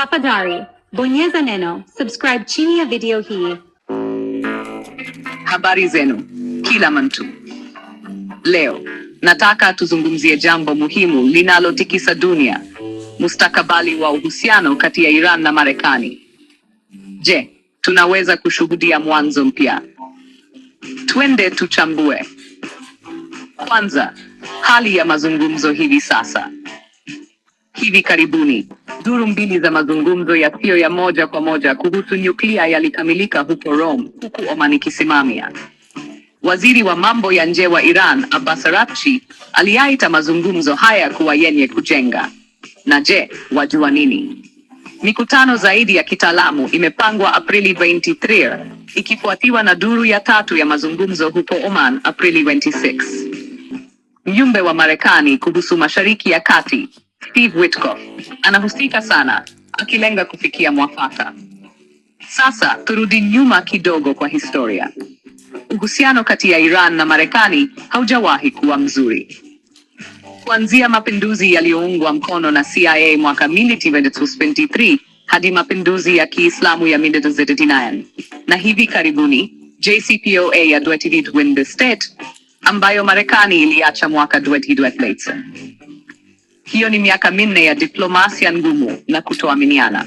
Tafadhali bonyeza neno subscribe chini ya video hii. Habari zenu kila mtu. Leo nataka tuzungumzie jambo muhimu linalotikisa dunia, mustakabali wa uhusiano kati ya Iran na Marekani. Je, tunaweza kushuhudia mwanzo mpya? Twende tuchambue. Kwanza, hali ya mazungumzo hivi sasa. Hivi karibuni Duru mbili za mazungumzo yasiyo ya moja kwa moja kuhusu nyuklia yalikamilika huko Rome, huku Oman ikisimamia. Waziri wa mambo ya nje wa Iran, Abbas Araghchi, aliyaita mazungumzo haya kuwa yenye kujenga. Na je, wajua nini? Mikutano zaidi ya kitaalamu imepangwa Aprili 23, ikifuatiwa na duru ya tatu ya mazungumzo huko Oman Aprili 26. Mjumbe wa Marekani kuhusu Mashariki ya Kati Steve Witkoff anahusika sana, akilenga kufikia mwafaka. Sasa turudi nyuma kidogo kwa historia. Uhusiano kati ya Iran na Marekani haujawahi kuwa mzuri kuanzia mapinduzi yaliyoungwa mkono na CIA mwaka 1923 hadi mapinduzi ya Kiislamu ya 1979 na hivi karibuni JCPOA ya 2020 ambayo Marekani iliacha mwaka hiyo ni miaka minne ya diplomasia ngumu na kutoaminiana.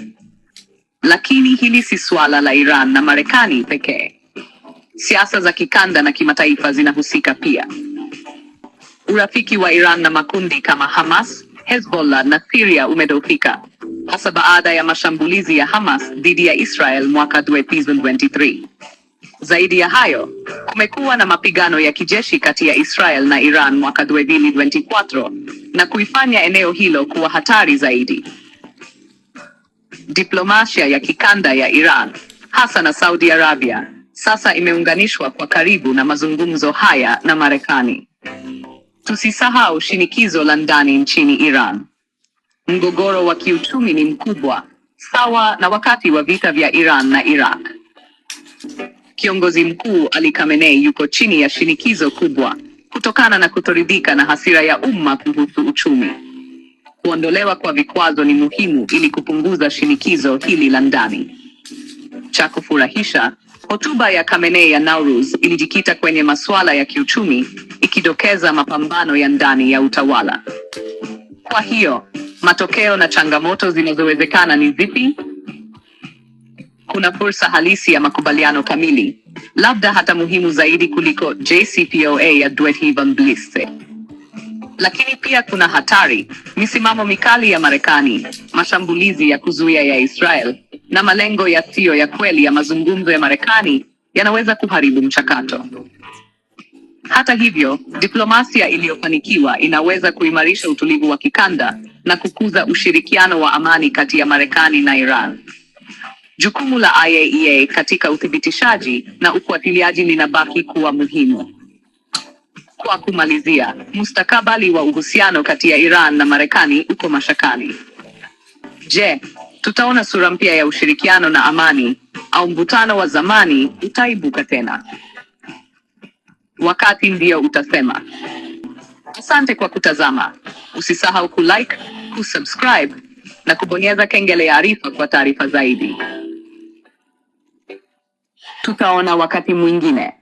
Lakini hili si suala la Iran na Marekani pekee. Siasa za kikanda na kimataifa zinahusika pia. Urafiki wa Iran na makundi kama Hamas, Hezbollah na siria umedhoofika, hasa baada ya mashambulizi ya Hamas dhidi ya Israel mwaka 2023. Zaidi ya hayo, kumekuwa na mapigano ya kijeshi kati ya Israel na Iran mwaka 2024 na kuifanya eneo hilo kuwa hatari zaidi. Diplomasia ya kikanda ya Iran, hasa na Saudi Arabia, sasa imeunganishwa kwa karibu na mazungumzo haya na Marekani. Tusisahau shinikizo la ndani nchini Iran. Mgogoro wa kiuchumi ni mkubwa, sawa na wakati wa vita vya Iran na Iraq kiongozi mkuu Ali Khamenei yuko chini ya shinikizo kubwa kutokana na kutoridhika na hasira ya umma kuhusu uchumi. Kuondolewa kwa vikwazo ni muhimu ili kupunguza shinikizo hili la ndani. Cha kufurahisha, hotuba ya Khamenei ya Nauruz ilijikita kwenye masuala ya kiuchumi, ikidokeza mapambano ya ndani ya utawala. Kwa hiyo, matokeo na changamoto zinazowezekana ni zipi? kuna fursa halisi ya makubaliano kamili, labda hata muhimu zaidi kuliko JCPOA ya Dwethiva hieberg Lakini pia kuna hatari: misimamo mikali ya Marekani, mashambulizi ya kuzuia ya Israel na malengo yasiyo ya kweli ya mazungumzo ya Marekani yanaweza kuharibu mchakato. Hata hivyo, diplomasia iliyofanikiwa inaweza kuimarisha utulivu wa kikanda na kukuza ushirikiano wa amani kati ya Marekani na Iran. Jukumu la IAEA e katika uthibitishaji na ufuatiliaji linabaki kuwa muhimu. Kwa kumalizia, mustakabali wa uhusiano kati ya Iran na Marekani uko mashakani. Je, tutaona sura mpya ya ushirikiano na amani au mvutano wa zamani utaibuka tena? Wakati ndio utasema. Asante kwa kutazama. Usisahau kulike, kusubscribe na kubonyeza kengele ya arifa kwa taarifa zaidi tutaona wakati mwingine.